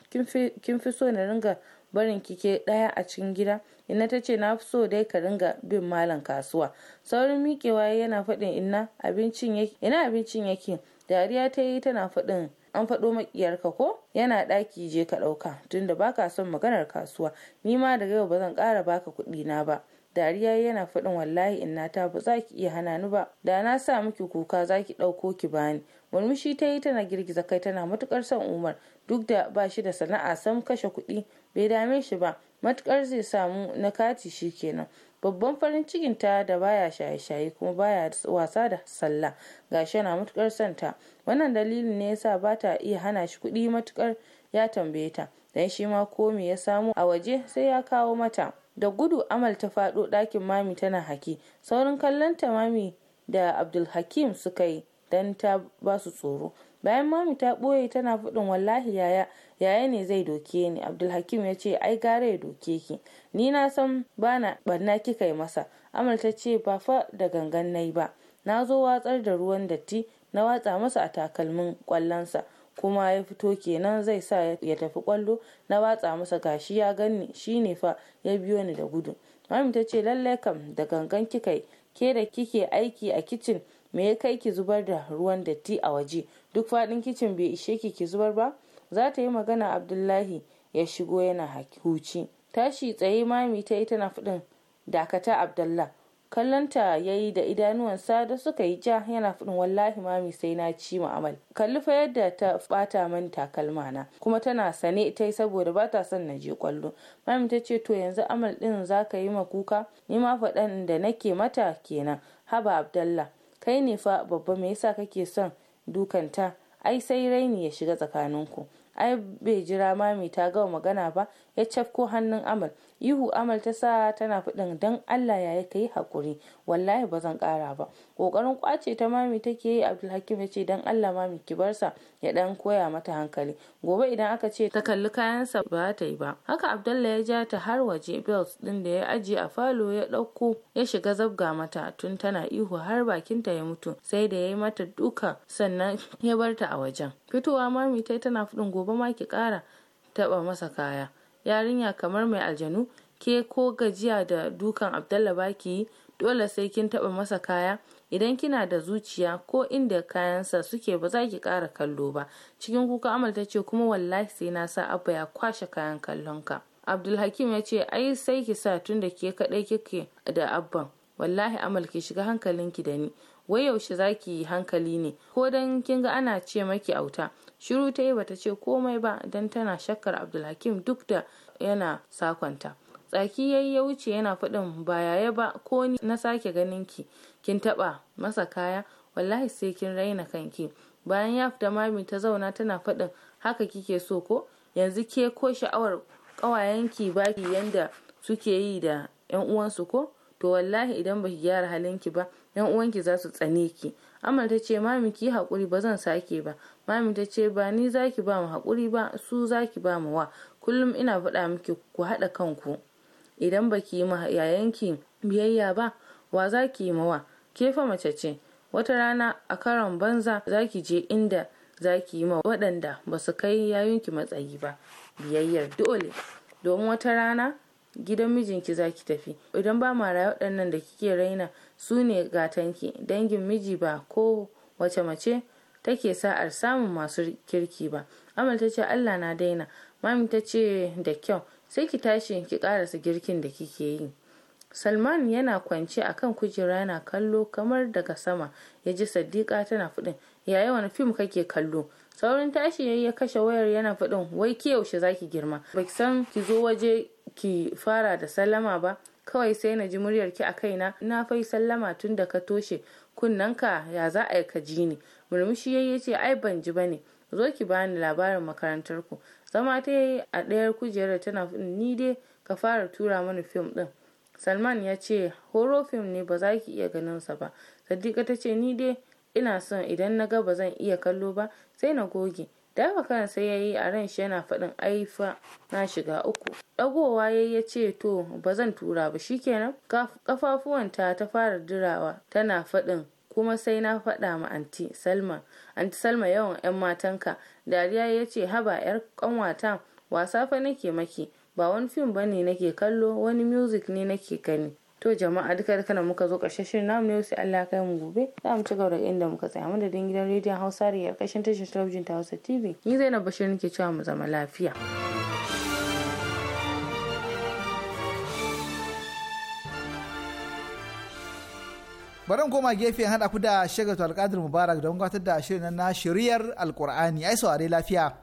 kin fi so na ringa barin kike daya a cikin gida inna ta ce na fi so dai ka ringa bin malam kasuwa saurin miƙewa yana faɗin inna abincin yake ina abincin yake dariya ta yi tana faɗin an faɗo makiyarka ko yana ɗaki je ka ɗauka tunda baka son maganar kasuwa ni ma daga yau ba zan ƙara baka kuɗi na ba dariya yana faɗin wallahi in na ta ba za ki iya hana ni ba da na sa miki kuka za ki ɗauko ki bani murmushi ta yi tana girgiza kai tana matukar son umar duk da ba shi da sana'a sam kashe kuɗi bai dame shi ba matukar zai samu na kati shi kenan babban farin cikin ta da baya shaye-shaye kuma baya wasa da sallah gashi yana matukar santa wannan dalilin ne yasa ba ta iya hana shi kuɗi matukar ya tambaye ta dan shi ma ko me ya samu a waje sai ya kawo mata da gudu amal ta faɗo ɗakin mami tana haki saurin kallon ta mami da abdulhakim suka yi dan ta ba su tsoro bayan mami ta ɓoye tana faɗin wallahi yaya yaya ne zai doke ni abdulhakim ya ce ai gare ya doke ki ni na san bana barna kika yi masa amal ta ce ba fa da gangan nai ba na zo watsar da ruwan datti na watsa masa a takalmin kwallonsa kuma ya fito kenan zai sa ya tafi kwallo na watsa masa gashi ya ganni shine fa ya biyo ni da gudu mami ta ce lallai kam da gangan kika ke da kike aiki a kicin me ya kai ki zubar da ruwan datti a waje duk faɗin kicin bai ishe ki ki zubar ba za ta yi magana abdullahi ya shigo yana huci tashi tsaye mami ta yi tana fudin dakata abdullah kallonta ya yi da idanuwansa da suka yi ja yana fudin wallahi mami sai na ci amal kalli fa yadda ta bata man takalma na kuma tana sane ta yi saboda ba ta son na je kwallo mami ta ce to yanzu amal din za ka yi ma kuka ni ma faɗan da nake mata kenan haba abdullah kai ne fa babba me yasa kake son dukanta ai sai raini ya shiga tsakaninku ai bai jira mami ta gama magana ba ya cafko hannun amal ihu amal ta sa tana fidin dan allah ya ka yi hakuri wallahi ba zan kara ba kokarin kwace ta mami take yi abdulhakim ya ce dan allah mami ki bar sa ya dan koya mata hankali gobe idan aka ce ta kalli kayansa ba ta yi ba haka abdullah ya ja ta har waje belt din da ya ajiye a falo ya dauko ya shiga zabga mata tun tana ihu har bakinta ya mutu sai da ya yi mata duka sannan ya bar ta a wajen fitowa mami ta tana fidin gobe gobe ma ki kara taba masa kaya yarinya kamar mai aljanu ke ko gajiya da dukan abdalla baki yi dole sai kin taɓa masa kaya idan kina da zuciya ko inda kayansa suke ba za ki kara kallo ba cikin kuka amal ta ce kuma wallahi sai na sa abba ya kwashe kayan kallon kallonka abdulhakim ya ce ai sai ki sa tunda da ke kaɗai kike da abban wallahi amal ki shiga hankalinki da ni wai yaushe za ki yi hankali ne ko dan kin ga ana ce maki auta shiru ta yi bata ce komai ba don tana shakkar abdulhakim duk da yana sakonta tsaki yayi ya wuce yana faɗin ba yaya ba ko ni na sake ganin ki kin taɓa masa kaya wallahi sai kin raina kanki bayan ya fita mami ta zauna tana faɗin haka kike so ko yanzu ke ko sha'awar ƙawayenki baki yanda suke yi da yan uwansu ko to wallahi idan baki gyara halinki ba yan uwanki za su tsane ki amal ta ce mami ki haƙuri ba zan sake ba mami ta ce ba ni zaki ba mu haƙuri ba su zaki ba mu wa kullum ina faɗa miki ku haɗa kanku idan ba ki yi ma yayanki biyayya ba wa za ki yi mawa ke fa mace ce wata rana a karon banza za ki je inda za ki yi ma waɗanda ba su kai yayunki matsayi ba biyayyar dole domin wata rana gidan mijinki za ki tafi idan ba mara waɗannan da kike raina su ne gatanki dangin miji ba ko wace mace take sa'ar samun masu kirki ba amal ta ce allah na daina mami ta ce da kyau sai ki tashi ki karasa girkin da kike yi salman yana kwance a kan kujera yana kallo kamar daga sama ya ji saddiqa tana fudin yaya wani fim kake kallo saurin tashi ya kashe wayar yana faɗin wai ki yaushe za ki girma baki san ki zo waje ki fara da sallama ba kawai sai na ji muryar ki a kaina na fai sallama tun da ka toshe kunnan ka ya za a yi ka ji ni murmushi yayi ce ai ban ji ba ne. zo ki bani labarin makarantar ku zama ta yi a ɗayar kujerar tana ni dai ka fara tura mana fim ɗin salman ya ce horo fim ne ba za ki iya ganin sa ba sadiqa ta ce ni dai ina son idan na ga ba zan iya kallo ba sai na goge dafa kan sai yayi a ran shi yana faɗin aifa na shiga uku ɗagowa ya ya ce to ba zan tura ba shikenan kafafuwan ta ta fara dirawa tana faɗin kuma sai na faɗa ma anti salma anti salma yawan 'yan matanka dariya ya ce haba 'yar ƙanwata wasa fa nake maki ba wani fim bane nake kallo wani music ne nake gani to jama'a duka duka da muka zo ƙarshen shirin namu ne sai Allah kai mu gobe za mu ci gaba da inda muka tsaya mun da gidan rediyon Hausa da yarkashin tashar talabijin ta Hausa TV ni Zainab Bashir nake cewa mu zama lafiya. bari koma gefe haɗa ku da shagatu alƙadir mubarak don gwatar da shirin na shiriyar alƙur'ani ai saurare lafiya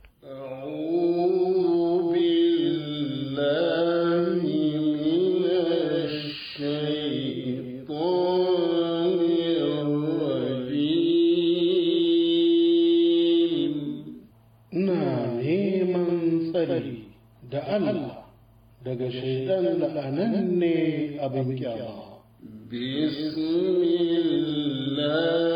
الله دقشيت الأنني أبنك يا بسم الله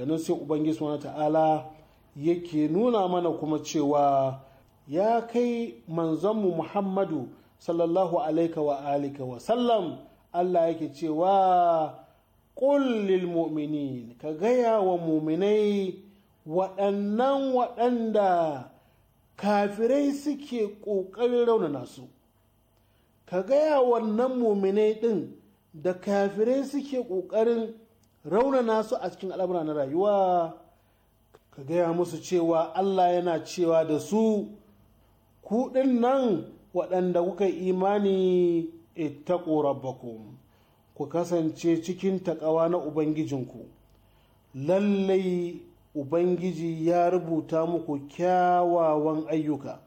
daga nan sai ubangiji wa ta'ala yake nuna mana kuma cewa ya kai manzonmu muhammadu sallallahu alaika wa alika wa sallam allah yake cewa kullil mu'minin ka gaya wa muminai waɗannan waɗanda kafirai suke ƙoƙarin raunana su ka gaya wannan muminai ɗin da kafirai suke ƙoƙarin raunana su a cikin al'amura na rayuwa ka gaya musu cewa Allah yana cewa da su kuɗin nan waɗanda kuka imani ittaqu rabbakum ku kasance cikin taƙawa na ubangijinku lallai ubangiji ya rubuta muku kyawawan ayyuka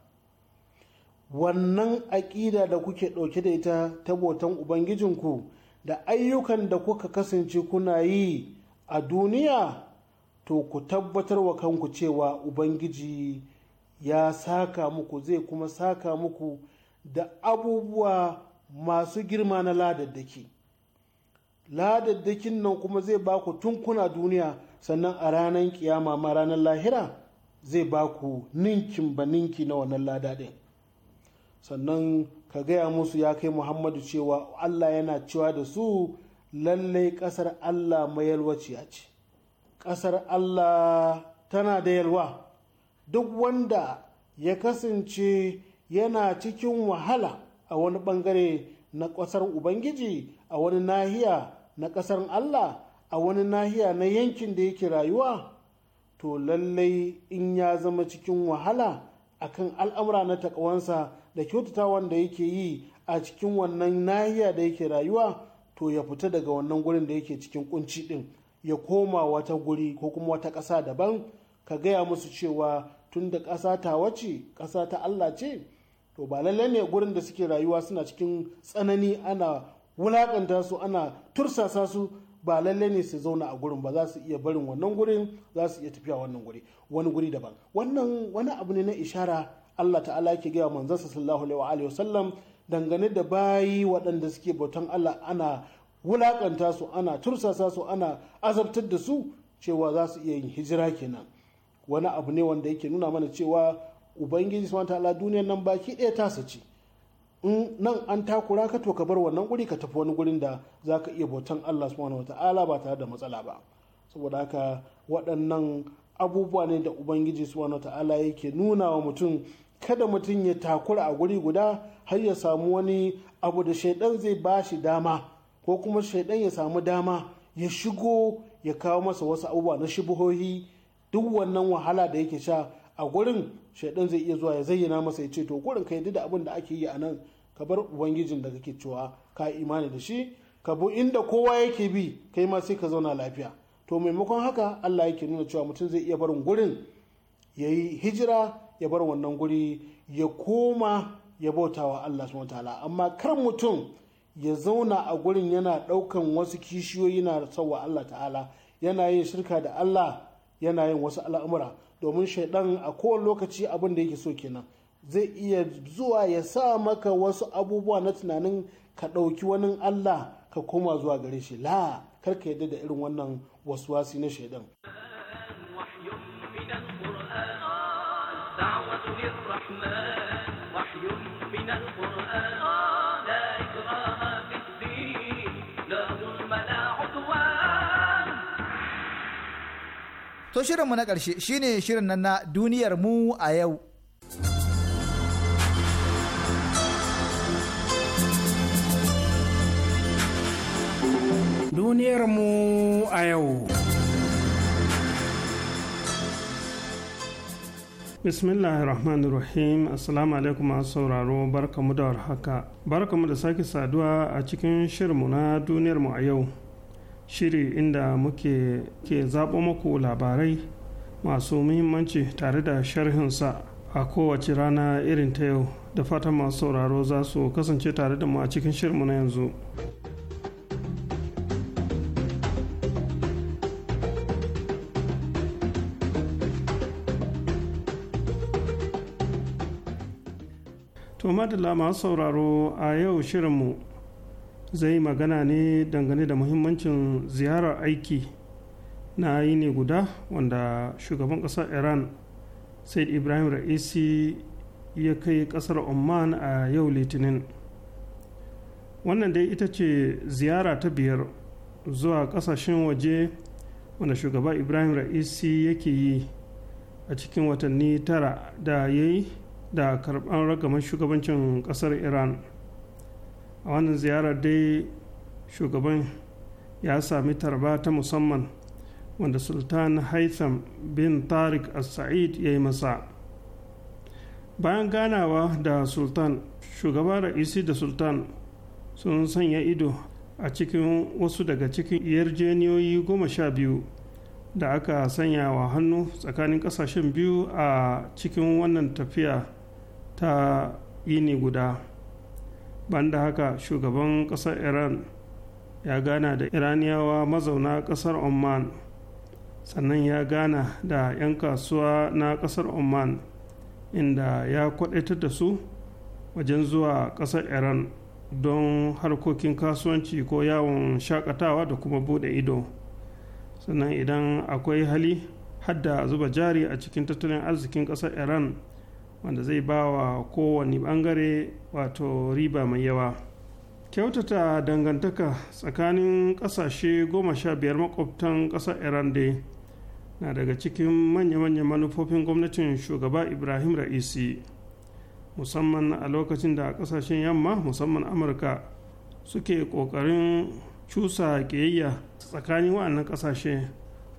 wannan aƙida da kuke ɗauke da ita ta botan ubangijinku da ayyukan da kuka kasance kuna yi a duniya to ku tabbatar wa kanku cewa ubangiji ya saka muku zai kuma saka muku da abubuwa masu girma na ladaddaki ladaddakin nan kuma zai baku tun kuna duniya sannan a ranar kiyama ma ranar lahira zai baku ninkin ba ninki na wannan lada sannan ka gaya musu ya kai muhammadu cewa allah yana cewa da su lallai ƙasar allah mayalwaciya ce ƙasar allah tana da yalwa duk wanda ya kasance yana cikin wahala a wani bangare na ƙasar ubangiji a wani nahiya na ƙasar allah a wani nahiya na yankin da yake rayuwa to lallai in ya zama cikin wahala akan al'amura na taƙawansa da kyautata wanda yake yi a cikin wannan nahiya da yake rayuwa to ya fita daga wannan gurin da yake cikin kunci din ya koma wata guri ko kuma wata ƙasa daban ka gaya musu cewa tun da ƙasa ta wace ƙasa ta Allah ce to ba lallai ne gurin da suke rayuwa suna cikin tsanani ana wulakanta su ana tursasa su ba lallai ne su zauna a gurin ba za su iya barin wannan gurin za su iya tafiya wannan guri wani guri daban wannan wani abu ne na ishara Allah ta'ala yake gaya manzansa sallallahu alaihi wasallam dangane da bayi waɗanda suke bautan Allah ana wulakanta su ana tursasa su ana azabtar da su cewa za su iya yin hijira kenan wani abu ne wanda yake nuna mana cewa ubangiji subhanahu ta'ala duniyar nan baki ɗaya ta sace in nan an takura ka to ka bar wannan guri ka tafi wani gurin da zaka iya bautan Allah subhanahu ta'ala ba tare da matsala ba saboda haka waɗannan abubuwa ne da ubangiji subhanahu ta'ala yake nuna wa mutum kada mutum ya takura a guri guda har ya samu wani abu da shaidan zai ba shi dama ko kuma shaidan ya samu dama ya shigo ya kawo masa wasu abubuwa na shibuhohi duk wannan wahala da yake sha a gurin shaidan zai iya zuwa ya zayyana masa ya ce to gurin ka yi da abin da ake yi a nan ka bar ubangijin da kake cewa ka imani da shi ka bu inda kowa yake bi kai ma sai ka zauna lafiya to maimakon haka Allah yake nuna cewa mutum zai iya barin gurin ya yi hijira ya bar wannan guri ya koma ya bauta wa Allah subhanahu ta'ala amma kar mutum ya zauna a gurin yana daukan wasu kishiyoyi na sauwa Allah ta'ala yana yin shirka da Allah yana yin wasu al'amura domin shaidan a kowane lokaci abin da yake so kenan zai iya zuwa ya sa maka wasu abubuwa na tunanin ka ɗauki wani Allah ka koma zuwa gare shi la kar ka yadda da irin wannan waswasi na shaidan. وحي الرحمن وحي to shirinmu na ƙarshe shine shirin nan na duniyar mu a yau duniyar mu a yau ar-rahim assalamu alaikum masu sauraro barkamu da warhaka barkamu da sake saduwa a cikin shirinmu na duniyarmu a yau shiri inda muke ke zaɓo maku labarai masu muhimmanci tare da sharhinsa a kowace rana irin ta yau da fatan masu sauraro za su kasance tare da mu a cikin shirinmu na yanzu. to madalla masu sauraro a yau shirinmu zai magana ne dangane da muhimmancin ziyarar aiki na yini guda wanda shugaban ƙasar iran said ibrahim ra'isi ya kai ƙasar oman a yau litinin wannan dai ita ce ziyara ta biyar zuwa ƙasashen waje wanda shugaba ibrahim ra'isi yake yi a cikin watanni tara da ya yi da karɓar ragaman shugabancin ƙasar iran a wannan ziyarar dai shugaban ya sami tarba ta musamman wanda sultan haitham bin tariq al-sa'id ya yi masa bayan ganawa da sultan shugaba ra'isi da sultan sun sanya ido a cikin wasu daga cikin yarjeniyoyi goma sha biyu da aka sanya wa hannu tsakanin kasashen biyu a cikin wannan tafiya ta yini guda banda haka shugaban ƙasar iran ya gana da iraniyawa mazauna ƙasar oman sannan ya gana da 'yan kasuwa na ƙasar oman inda ya kwadaitar da su wajen zuwa ƙasar iran don harkokin kasuwanci ko yawon shakatawa da kuma bude ido sannan idan akwai hali hadda zuba jari a cikin tattalin arzikin ƙasar iran wanda zai ba wa kowane bangare wato riba mai yawa kyautata dangantaka tsakanin kasashe goma sha biyar makwabtan ƙasar iran dai na daga cikin manya-manyan manufofin gwamnatin shugaba ibrahim ra'isi musamman a lokacin da kasashen yamma musamman amurka suke ƙoƙarin cusa ƙiyayya tsakanin wa'annan ƙasashe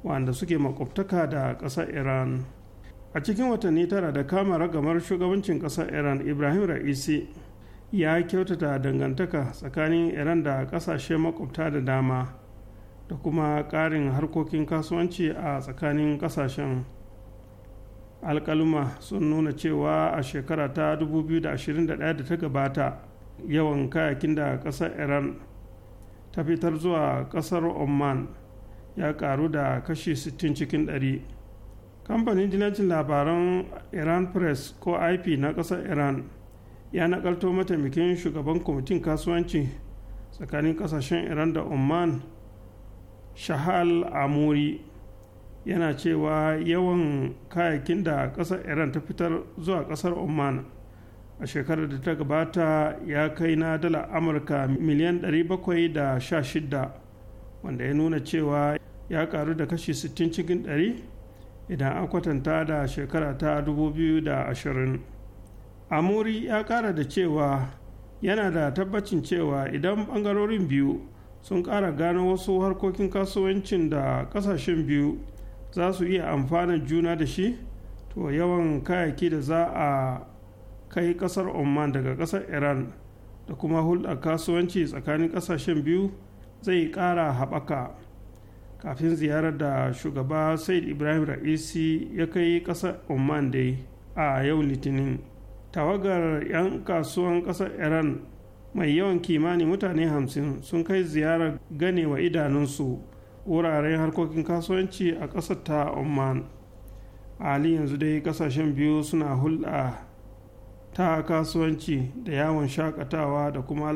wanda suke makwabtaka da ƙasar iran a cikin watanni tara da kama ragamar shugabancin ƙasar iran ibrahim ra'isi ya kyautata dangantaka tsakanin iran da ƙasashe makwabta da dama da kuma ƙarin harkokin kasuwanci a tsakanin ƙasashen alkaluma sun nuna cewa a shekara ta 2021 da ta gabata yawan kayakin da ƙasar iran ta fitar zuwa ƙasar oman ya karu da kashi 60 cikin ɗari. kamfanin dinacin labaran iran press ko ip na ƙasar iran ya nakalto mataimakin shugaban kwamitin kasuwanci tsakanin ƙasashen iran da oman shahal amuri yana cewa yawan kayakin da ƙasar iran ta fitar zuwa ƙasar oman a shekarar da ta gabata ya kai na dala amurka miliyan 716 wanda ya nuna cewa ya karu da kashi 60 cikin 100 idan an kwatanta da shekara ta 2020 amuri ya kara da cewa yana da tabbacin cewa idan bangarorin biyu sun kara gano wasu harkokin kasuwancin da kasashen biyu za su iya amfana juna da shi to yawan kayaki da za a kai kasar oman daga kasar iran da kuma hulɗar kasuwanci tsakanin kasashen biyu zai ƙara haɓaka kafin ziyarar da shugaba said ibrahim ra'isi ya kai ƙasar oman dai a yau litinin tawagar 'yan kasuwan ƙasar iran mai yawan kimanin mutane hamsin sun kai ziyarar ganewa idanunsu wuraren harkokin kasuwanci a kasar ta oman ali yanzu dai kasashen biyu suna hulɗa ta kasuwanci da yawon shakatawa da kuma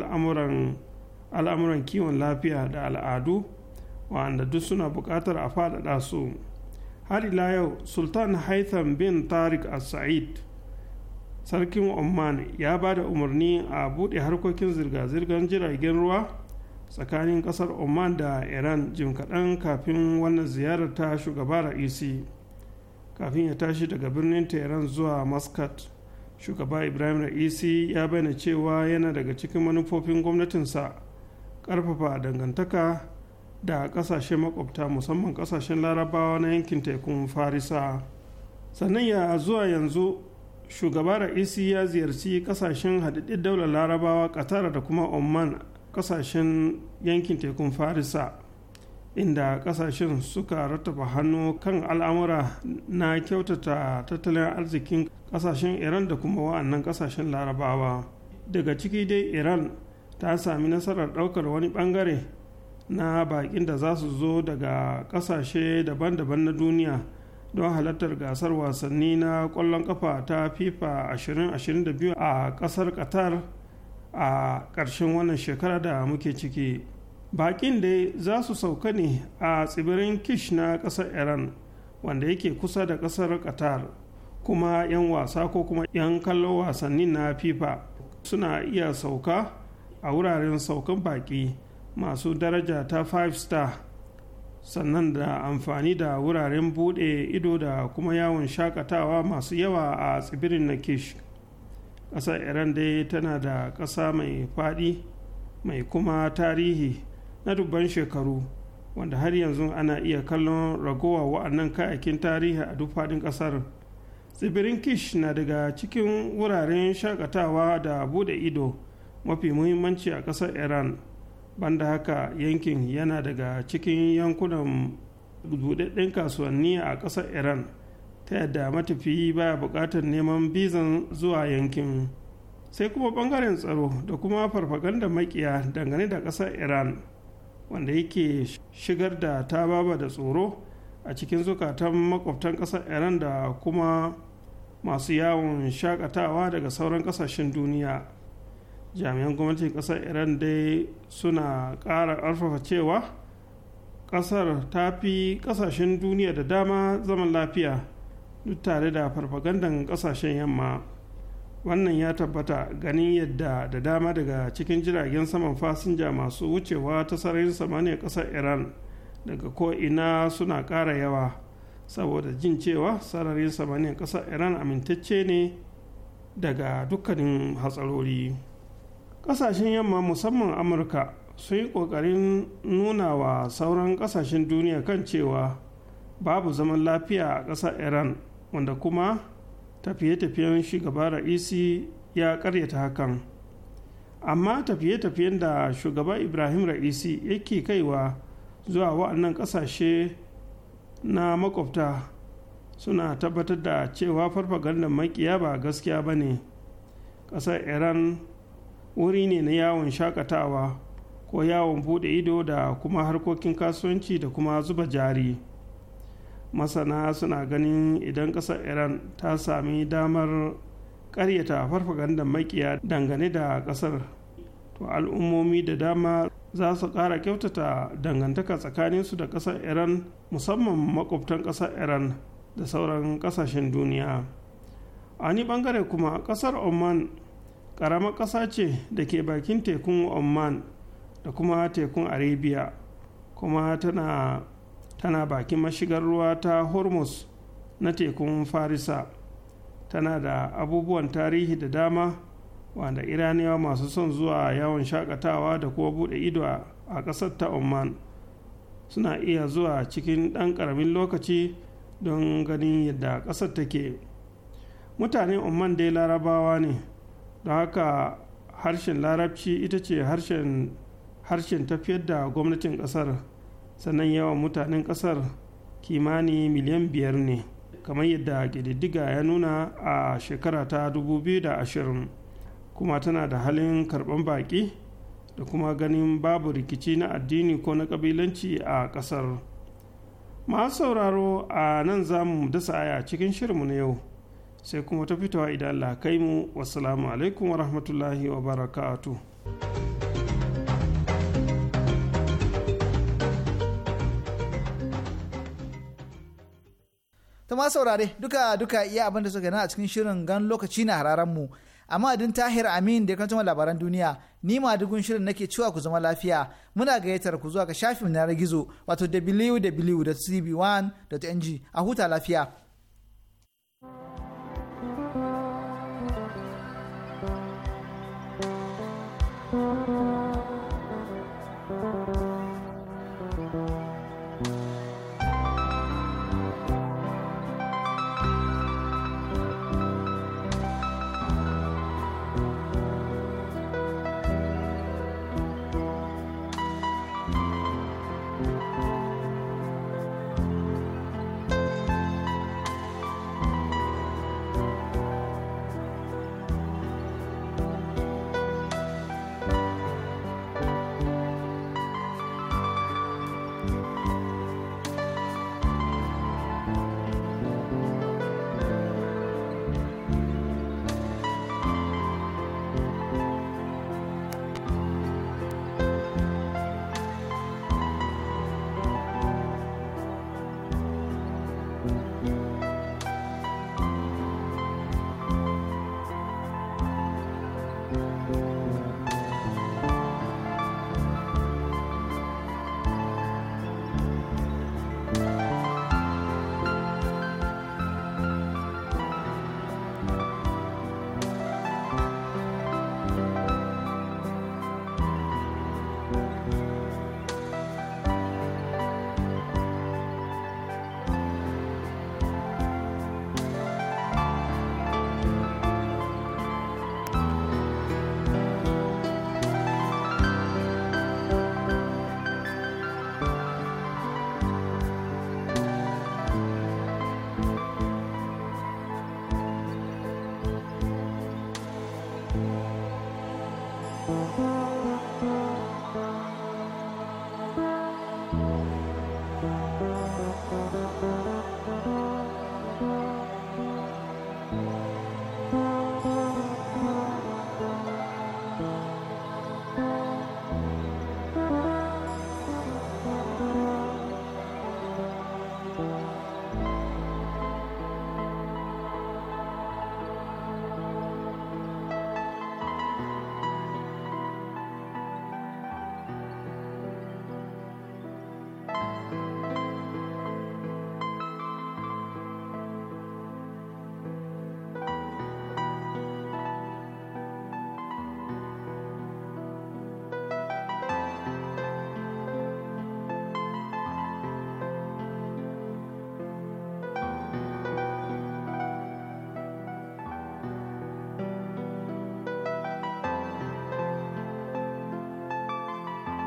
al'amuran kiwon lafiya da al'adu wanda duk suna bukatar a faɗaɗa su har ila yau sultan haitham bin tariq al-sa'id sarkin oman ya ba da umarni a buɗe harkokin zirga-zirgar jiragen ruwa tsakanin ƙasar oman da iran jim kaɗan kafin wannan ziyarar ta shugaba ra'isi kafin ya tashi daga birnin tehran zuwa muscat shugaba ibrahim ra'isi ya bayyana cewa yana daga cikin manufofin gwamnatinsa ƙarfafa dangantaka da kasashe makwabta musamman kasashen larabawa na yankin tekun farisa sannan ya zuwa yanzu shugaba ra'isi ya ziyarci kasashen hadaddin daular larabawa qatar da kuma oman kasashen yankin tekun farisa inda kasashen suka rattaba hannu kan al'amura na kyautata tattalin arzikin kasashen iran da kuma wa'annan kasashen larabawa daga ciki dai iran ta sami nasarar daukar wani bangare na bakin da za su zo daga kasashe daban-daban na duniya don halartar gasar wasanni na ƙwallon kafa ta fifa 2022 a ƙasar qatar a ƙarshen wannan shekara da muke ciki bakin dai za su sauka ne a tsibirin kish na ƙasar iran wanda yake kusa da ƙasar qatar kuma 'yan wasa ko kuma 'yan kallon wasanni na fifa suna iya sauka a wuraren saukan baki masu daraja ta 5 star sannan da amfani da wuraren bude ido da kuma yawon shakatawa masu yawa a tsibirin na kish ƙasar iran dai tana da ƙasa mai faɗi mai kuma tarihi na dubban shekaru wanda har yanzu ana iya kallon ragowa wa'annan kayakin tarihi a duk faɗin ƙasar tsibirin kish na daga cikin wuraren shakatawa da bude ido mafi muhimmanci a ƙasar iran banda haka yankin yana daga cikin yankunan buɗaɗɗen kasuwanni a ƙasar iran ta yadda matafiyi baya buƙatar neman bizan zuwa yankin sai kuma ɓangaren tsaro da kuma farfaganda makiya dangane da ƙasar iran wanda yake shigar da ta baba da tsoro a cikin zukatan makwabtan ƙasar iran da kuma masu yawon shakatawa daga sauran ƙasashen duniya jami'an gwamnatin ƙasar iran dai suna ƙara ƙarfafa cewa ƙasar ta fi ƙasashen duniya da dama zaman lafiya duk tare da farfagandan ƙasashen yamma wannan ya tabbata ganin yadda da dama daga cikin jiragen saman fasinja masu wucewa ta sararin samaniya ƙasar iran daga ko'ina suna ƙara yawa saboda jin cewa sararin samaniya ƙasar iran amintacce ne daga dukkanin hatsarori. ƙasashen yamma musamman amurka sun yi ƙoƙarin nuna wa sauran ƙasashen duniya kan cewa babu zaman lafiya a ƙasar iran wanda kuma tafiye-tafiyen shugaba ra'isi ya karyata hakan amma tafiye-tafiyen da shugaba ibrahim ra'isi yake kaiwa zuwa wa'annan ƙasashe na makwabta suna tabbatar da cewa farfagandar makiya ba gaskiya ba ne ƙasar iran wuri ne na yawon shakatawa ko yawon bude ido da kuma harkokin kasuwanci da kuma zuba jari masana suna ganin idan ƙasar iran ta sami damar ƙaryata farfaganda makiya dangane da ƙasar to al'ummomi da dama za su ƙara kyautata dangantaka tsakaninsu da ƙasar iran musamman makwabtan ƙasar iran da sauran ƙasashen duniya a ni ɓangare kuma ƙasar oman ƙaramar ƙasa ce da ke bakin tekun oman da kuma tekun arabia kuma tana, tana bakin mashigar ruwa ta hormuz na tekun farisa tana da abubuwan tarihi da dama wanda iraniyawa masu son zuwa yawon shakatawa da kuma buɗe ido a ƙasar ta oman suna iya zuwa cikin ɗan ƙaramin lokaci don ganin yadda ƙasar take mutanen oman dai larabawa ne don haka harshen larabci ita ce harshen tafiyar da gwamnatin kasar sannan yawan mutanen kasar kimani miliyan biyar ne kamar yadda gididdiga ya nuna a shekara ta 2020 kuma tana da halin karɓar baƙi da kuma ganin babu rikici na addini ko na ƙabilanci a ƙasar masu sauraro a nan zamu dasa aya cikin shirinmu na yau sai kuma ta fitowa idan Allah kai mu wasalamu alaikum wa rahmatullahi wa barakatu ta ma saurare duka duka iya abin da suka na a cikin shirin gan lokaci na hararen mu amma adin tahir amin da kan labaran duniya ni ma dugun shirin nake cewa ku zama lafiya muna gayyatar ku zuwa ga shafin na gizo wato www.cb1.ng a huta lafiya